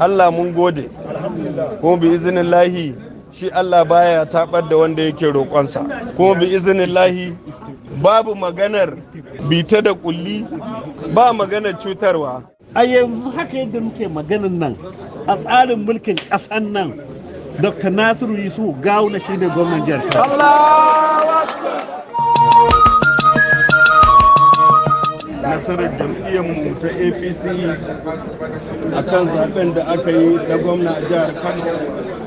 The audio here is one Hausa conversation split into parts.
Allah mun gode kuma bi izinin lahi shi Allah baya taɓar da wanda yake roƙonsa kuma bi izinin lahi babu maganar bita da ƙulli ba maganar cutarwa a yanzu haka yadda muke maganin nan a tsarin mulkin ƙasan nan dr nasiru yusuf gawuna shi ne gwamnan jihar Allah nasarar mu ta apc a kan zaben da aka yi na gwamna a jihar kano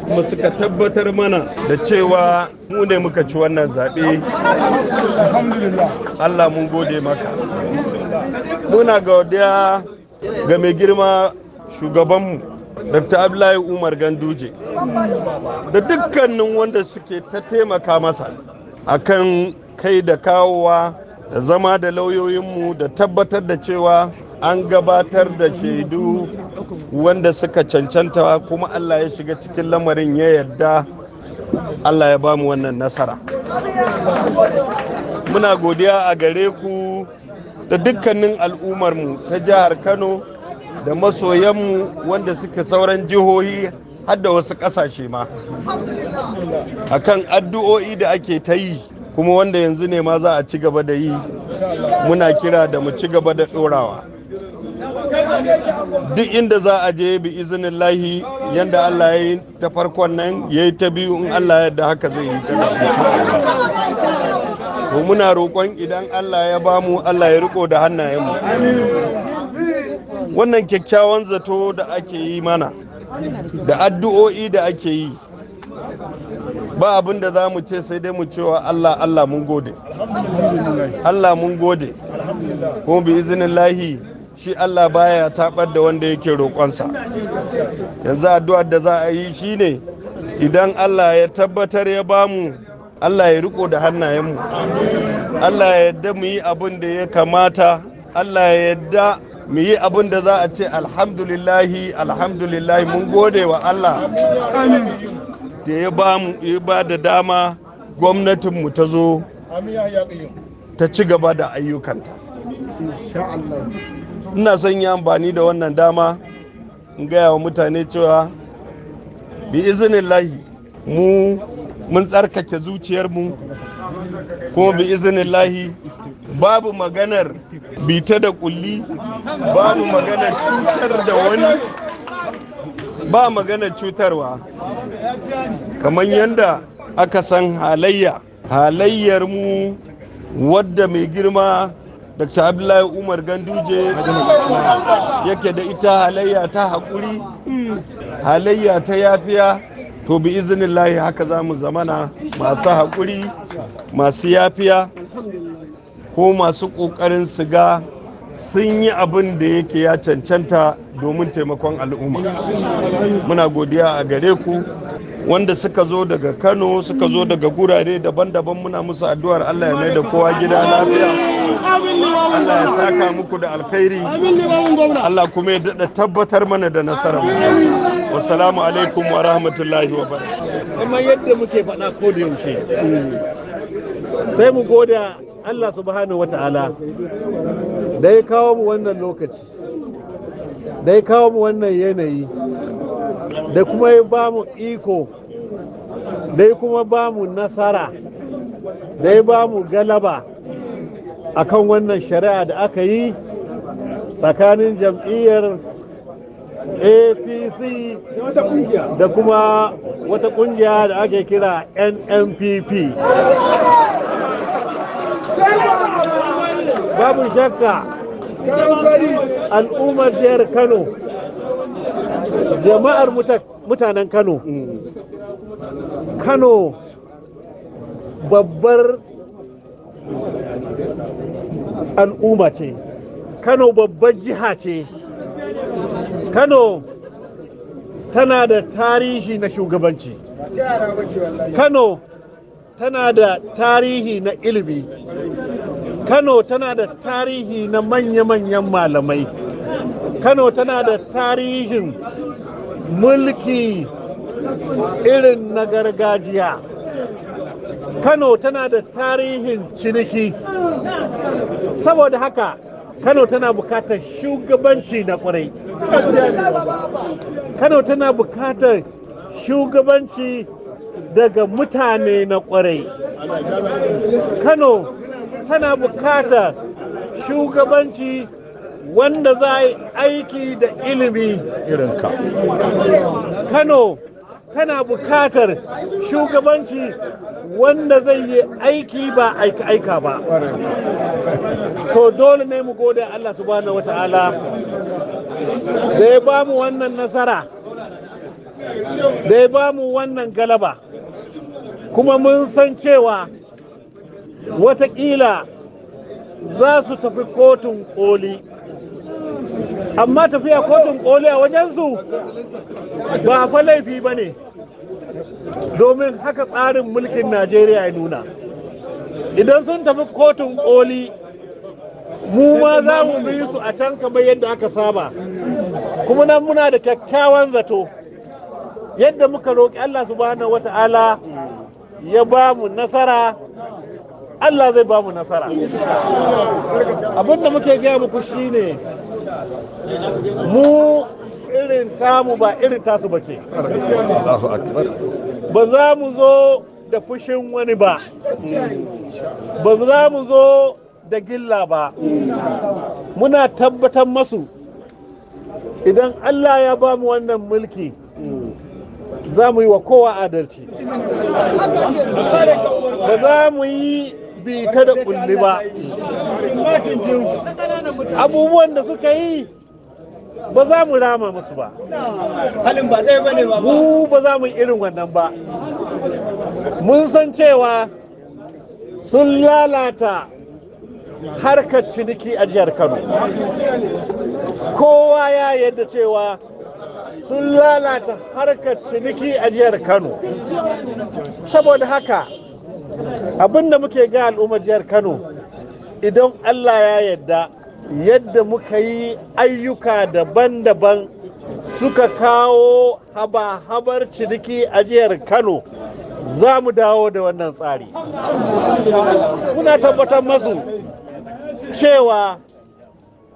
kuma suka tabbatar mana da cewa mu ne muka ci wannan zaɓe allah mun gode maka muna godiya ga mai girma shugabanmu dr abdullahi umar ganduje da dukkanin wanda suke ta taimaka masa akan kai da kawowa zama da lauyoyinmu da tabbatar da cewa an gabatar da shaidu wanda suka cancanta kuma allah ya shiga cikin lamarin ya yadda allah ya bamu wannan nasara muna godiya a gare ku da dukkanin al'ummarmu ta jihar kano da masoyanmu wanda suke sauran jihohi har da wasu ƙasashe ma akan addu'o'i da ake ta yi kuma wanda yanzu ne ma za a ci gaba da yi muna kira da mu ci gaba da ɗorawa duk inda za a je bi izinin lahi yadda allah ya yi ta farkon nan ya yi ta biyu in allah yadda haka zai yi ta to muna roƙon idan allah ya bamu allah ya riko da hannayenmu wannan kyakkyawan zato da ake yi mana da addu'o'i da ake yi ba abin da za mu ce sai dai mu cewa Allah Allah mun gode Allah mun gode kuma bi izinin lahi shi Allah baya tabar da wanda yake roƙonsa yanzu addu'ar da za a yi ne, idan Allah ya tabbatar ya ba mu, Allah ya riko da hannayenmu Allah ya yadda mu yi abin da ya kamata Allah ya yadda mu yi abin da za a ce alhamdulillahi alhamdulillahi mun gode wa Allah da ya ba da dama gwamnatinmu ta zo ta ci gaba da ayyukanta ina son yi amfani da wannan dama in gaya wa mutane cewa bi izinin lahi mu mun tsarkake zuciyarmu kuma bi izinin lahi babu maganar bita da kulli babu maganar cutar da wani ba magana cutarwa kamar yadda aka san halayya halayyar mu wadda mai girma dr abdullahi umar ganduje yake da ita halayya ta haƙuri halayya ta yafiya to bi izinillahi haka za mu zamana masu haƙuri masu yafiya ko masu ƙoƙarin siga sun yi abin da yake ya cancanta domin taimakon al'umma muna godiya a gare ku wanda suka zo daga kano suka zo daga gurare daban-daban muna musu addu'ar allah ya mai da kowa gida lafiya allah ya saka muku da alkhairi allah kuma ya daɗa tabbatar mana da nasara wasalamu alaikum wa rahmatullahi wa sai mu goda allah subhanahu wa ta'ala da ya kawo mu wannan lokaci da ya kawo mu wannan yanayi da kuma ya ba mu iko da ya kuma ba mu nasara da ya ba mu galaba a kan wannan shari'a da aka yi tsakanin jam'iyyar apc da kuma wata kungiya da ake kira nnpp babu shakka al'ummar jihar kano jama'ar mutanen kano kano babbar al'umma ce kano babbar jiha ce kano tana da tarihi na shugabanci kano tana da tarihi na ilimi kano tana da tarihi na manya-manyan malamai kano tana da tarihin mulki irin na gargajiya kano tana da tarihin ciniki saboda haka kano tana bukatar shugabanci na kwarai kano tana bukatar shugabanci daga mutane na kwarai kano tana bukatar shugabanci wanda za a yi aiki da ilimi irinka kano tana bukatar shugabanci wanda zai yi aiki ba aika aika ba to dole ne mu gode allah subhanahu wata'ala da ya ba mu wannan nasara da ya ba mu wannan galaba kuma mun san cewa watakila za su tafi kotun koli amma tafiya kotun koli a wajensu ba akwai laifi ba ne domin haka tsarin mulkin najeriya ya nuna idan sun tafi kotun koli mu ma za mu bi su a can kamar yadda aka saba kuma nan muna da kyakkyawan zato yadda muka roƙi allah subhanahu wata'ala ya ba mu nasara Allah zai ba mu nasara abinda muke gaya muku shine mu irin tamu ba irin tasu ba ce ba za mu zo da fushin wani ba ba za mu zo da gilla ba muna tabbatar masu idan Allah ya ba mu wannan mulki za mu yi wa kowa adalci ba za mu yi bi ta da kulli ba abubuwan da suka yi ba za mu rama musu ba halin ba ɗaya bane ba ba za mu irin wannan ba mun san cewa sun lalata harkar ciniki a jihar kano kowa ya yadda cewa sun lalata harkar ciniki a jihar kano saboda haka abin da muke ga al'ummar jihar kano idan allah ya yadda yadda muka yi ayyuka daban-daban suka kawo haba-habar ciniki a jihar kano za mu dawo da wannan tsari Kuna tabbatar masu cewa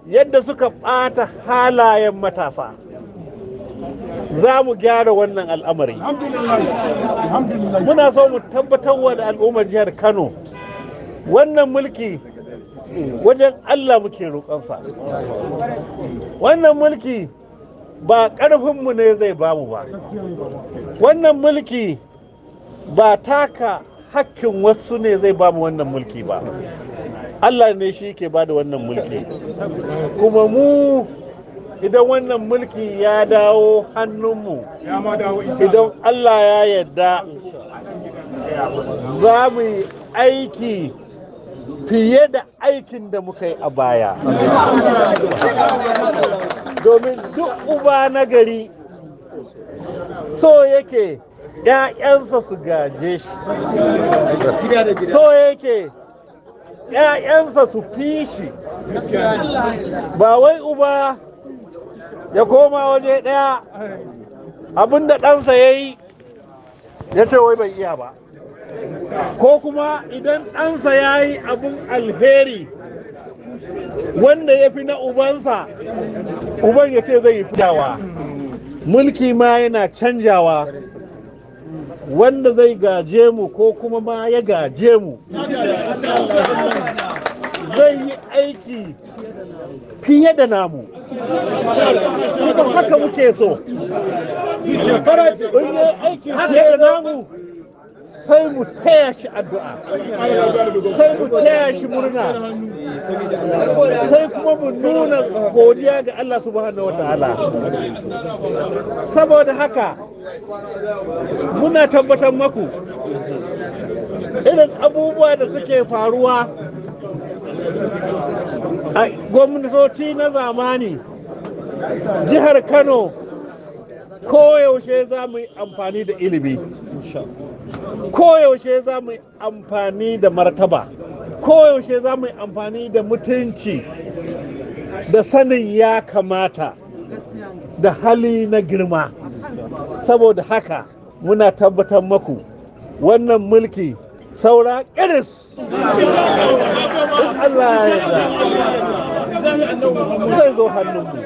yadda suka ɓata halayen matasa za mu gyara wannan al'amari muna so mu tabbatar wa da al'ummar jihar kano wannan mulki wajen allah muke roƙonsa wannan mulki ba ƙarfinmu ne zai bamu ba wannan mulki ba taka hakkin wasu ne zai bamu wannan mulki ba allah ne shi ke ba da wannan mulki kuma mu idan wannan mulki ya dawo hannunmu idan Allah ya yadda za mu yi aiki fiye da aikin da muka yi a baya domin duk uba nagari gari so yake ‘ya'yansa su gaje shi so yake ‘ya'yansa su fi shi ba wai uba ya koma waje ɗaya abinda ɗansa ya yi ya ce wai bai iya ba ko kuma idan ɗansa ya yi abin alheri wanda ya fi na ubansa uban ya ce zai yi fiyawa mulki ma yana canjawa wanda zai gaje mu ko kuma ma ya gaje mu zai yi aiki fiye da namu kuma haka muke so aiki sai mu taya shi addu'a sai mu taya shi murna sai kuma mu nuna godiya ga Allah subhanahu wa ta'ala saboda haka muna tabbatar maku irin abubuwa da suke faruwa gwamnatoci na zamani jihar kano koyaushe za mu yi amfani da ilimi koyaushe za mu yi amfani da martaba koyaushe za mu yi amfani da mutunci da sanin ya kamata da hali na girma saboda haka muna tabbatar maku wannan mulki saura ƙiris zai zo hannunmu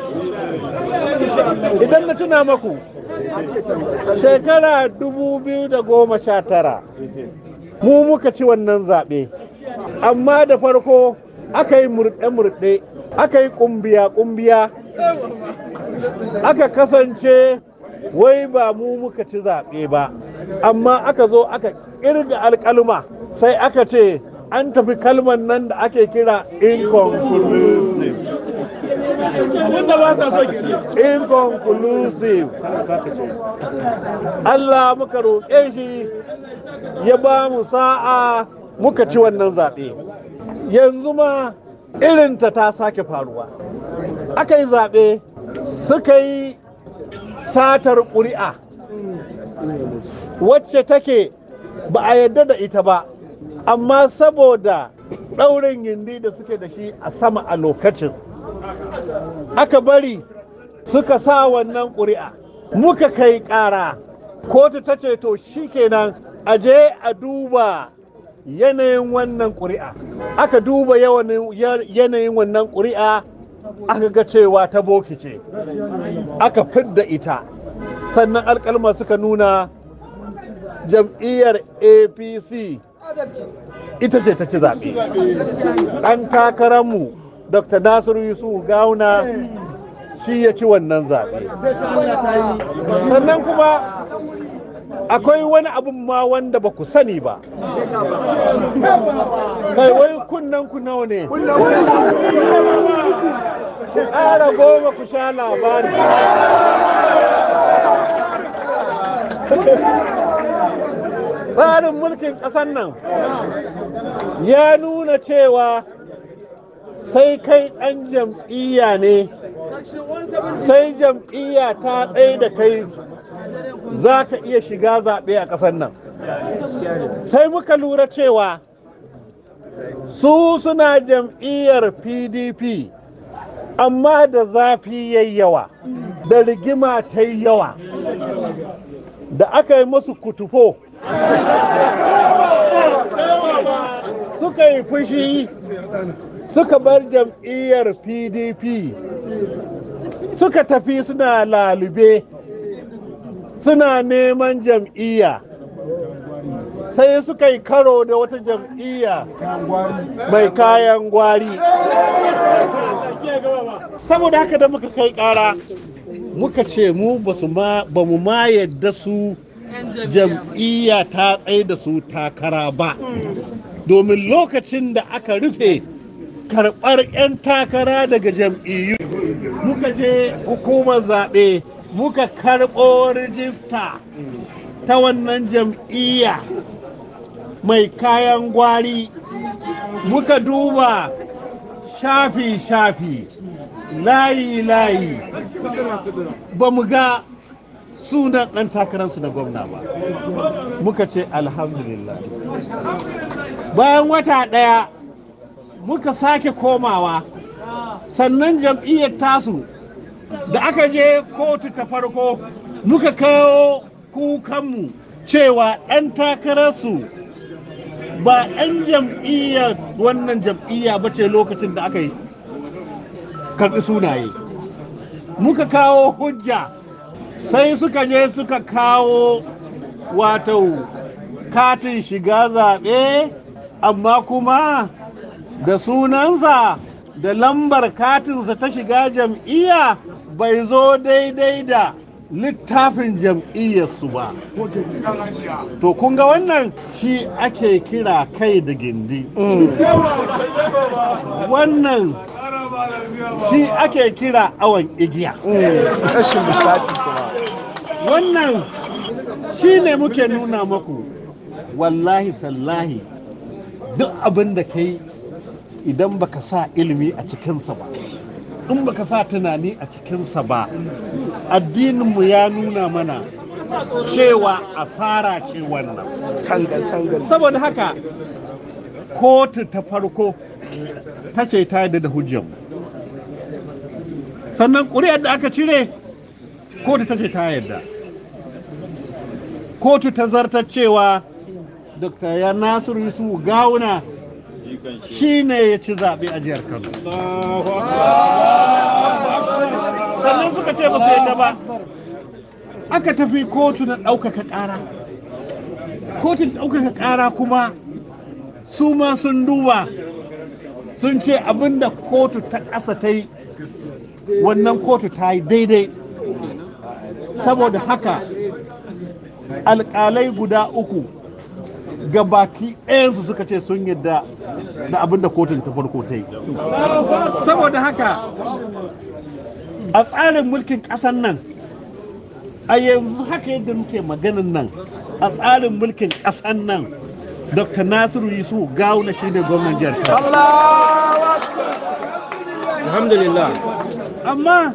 idan na tuna maku shekara 2019 mu muka ci wannan zaɓe amma da farko aka yi murɗe-murɗe aka yi ƙumbiya-ƙumbiya aka kasance wai ba mu muka ci zaɓe ba amma aka zo aka ƙirga alƙalma sai aka ce an tafi kalmar nan da ake kira inconclusive inconclusive Allah muka roƙe shi ya ba mu sa'a muka ci wannan zaɓe yanzu ma irinta ta sake faruwa aka yi zaɓe suka yi satar ƙuri'a wacce take ba a yadda da ita ba amma saboda ɗaurin yindi da suke da shi a sama a lokacin aka bari suka sa wannan ƙuri'a muka kai ƙara kotu ta ce to shi kenan a je a duba yanayin wannan ƙuri'a aka duba yanayin wannan ƙuri'a aka ga cewa ta boki aka fidda ita sannan alkalma suka nuna jam'iyyar apc ita ce ta ci zaɓe ɗan takararmu dr nasiru yusuf gauna shi ya ci wannan zaɓe sannan kuma akwai wani abin ma wanda ba ku sani ba kai wai kunnan ku nawa ne ku goma ku sha labari tsarin mulkin ƙasar nan ya nuna cewa sai kai ɗan jam'iyya ne sai jam'iyya ta tsaye da kai za ta iya shiga zaɓe a ƙasar nan sai muka lura cewa su suna jam'iyyar pdp amma da zafi yayi yawa da rigima ta yi yawa da aka yi masu kutufo suka yi fushi suka bar jam'iyyar pdp suka tafi suna lalube suna neman jam'iyya sai suka yi karo da wata jam'iyya mai kayan gwari saboda haka da muka kai kara muka ce mu ba mu ma yadda su jam'iyya ta tsaye da su takara ba domin lokacin da aka rufe karɓar 'yan takara daga jam'iyyu muka je hukumar zaɓe muka karɓo rijista ta wannan jam'iyya mai kayan gwari muka duba shafi-shafi layi-layi ba mu ga sunan ɗan takararsu na gwamna ba muka ce alhamdulillah bayan wata ɗaya muka sake komawa sannan jam'iyyar tasu da aka je kotu ta farko muka kawo kukanmu cewa ɗan takararsu ba ɗan jam'iyyar wannan jam'iyya ba ce lokacin da aka yi karɓi sunaye muka kawo hujja sai suka je suka kawo wato katin shiga zaɓe amma kuma da sunansa da lambar katinsa ta shiga jam'iyya bai zo daidai da littafin jam'iyyarsu ba to kun ga wannan shi ake kira kai da gindi wannan shi ake kira awon igiya wannan shi ne muke nuna maku wallahi tallahi duk abin da yi idan baka sa ilimi a cikinsa ba in baka sa tunani a cikinsa ba addininmu ya nuna mana cewa asara ce wannan saboda haka kotu ta farko ta ce ta yadda da hujjan sannan ƙuri'ar da aka cire kotu ta ce ta yadda kotu ta zartar cewa dr yanasu yusuf gawuna shi ne ya ci zaɓe a jihar Kano. Sannan suka ce ba yadda ba, aka tafi kotu na ɗaukaka ƙara. Kotun ɗaukaka ƙara kuma su ma sun duba sun ce abinda kotu ta ƙasa ta yi wannan kotu ta yi daidai saboda haka alƙalai guda uku ga baki ɗayansu suka ce sun yadda da abin da kotun ta farko ta yi saboda haka a tsarin mulkin ƙasar nan a yanzu haka yadda muke maganin nan a tsarin mulkin ƙasar nan dr nasiru yusuf gawuna shi ne gwamnan jihar alhamdulillah amma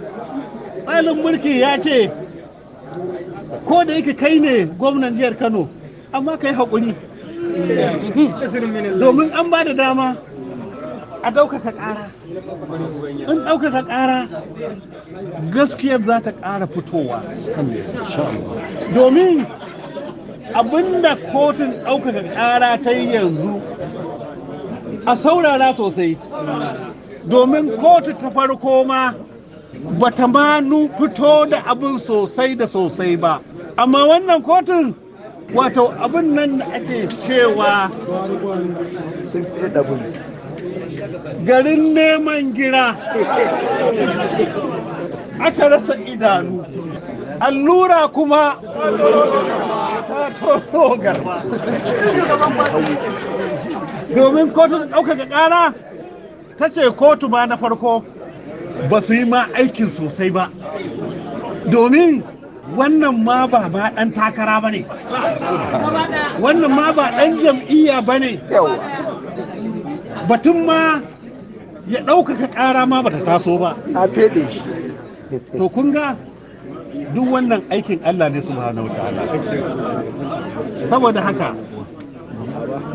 tsarin mulki ya ce ko da yake kai ne gwamnan jihar kano amma ka yi haƙuri domin an ba da dama a ɗaukaka ƙara in ɗaukaka ƙara gaskiyar za ta ƙara fitowa domin abinda kotun ɗaukaka ƙara ta yi yanzu a saurara sosai domin kotu ta farko ma bata ta ma fito da abin sosai da sosai ba amma wannan kotun wato abin nan da ake cewa garin neman gira aka rasa idanu allura kuma domin kotun ɗaukaka ƙara ta ce kotu ba na farko ba su yi ma aikin sosai ba domin wannan ma ba ba ɗan takara ba ne wannan ma ba ɗan jam'iyya ba ne batun ma ya ɗaukaka ƙara ma ba ta taso ba to kun ga duk wannan aikin Allah ne subhanahu ta'ala saboda haka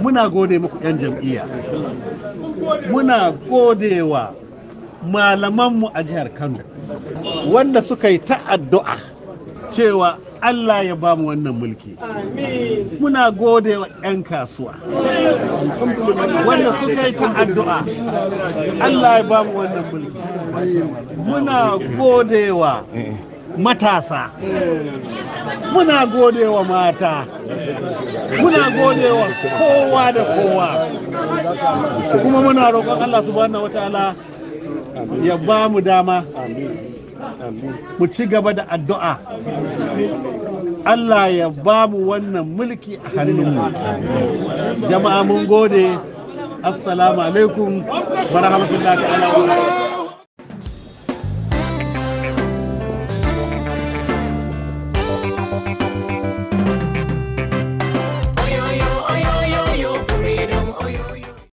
muna gode muku 'yan jam'iyya muna gode wa malamanmu a jihar Kano wanda suka yi ta'addu'a. cewa Allah ya ba mu wannan mulki. Muna gode wa 'yan kasuwa. Wanda suka yi ta addu'a. Allah ya ba mu wannan mulki. Muna gode wa matasa. Muna gode wa mata. Muna gode wa kowa da kowa. Kuma muna roƙon Allah subhanahu wa ta'ala ya ba mu dama. mu ci gaba da addu'a Allah ya ba mu wannan mulki a hannunmu jama'a mun gode assalamu alaikum wa ta'ala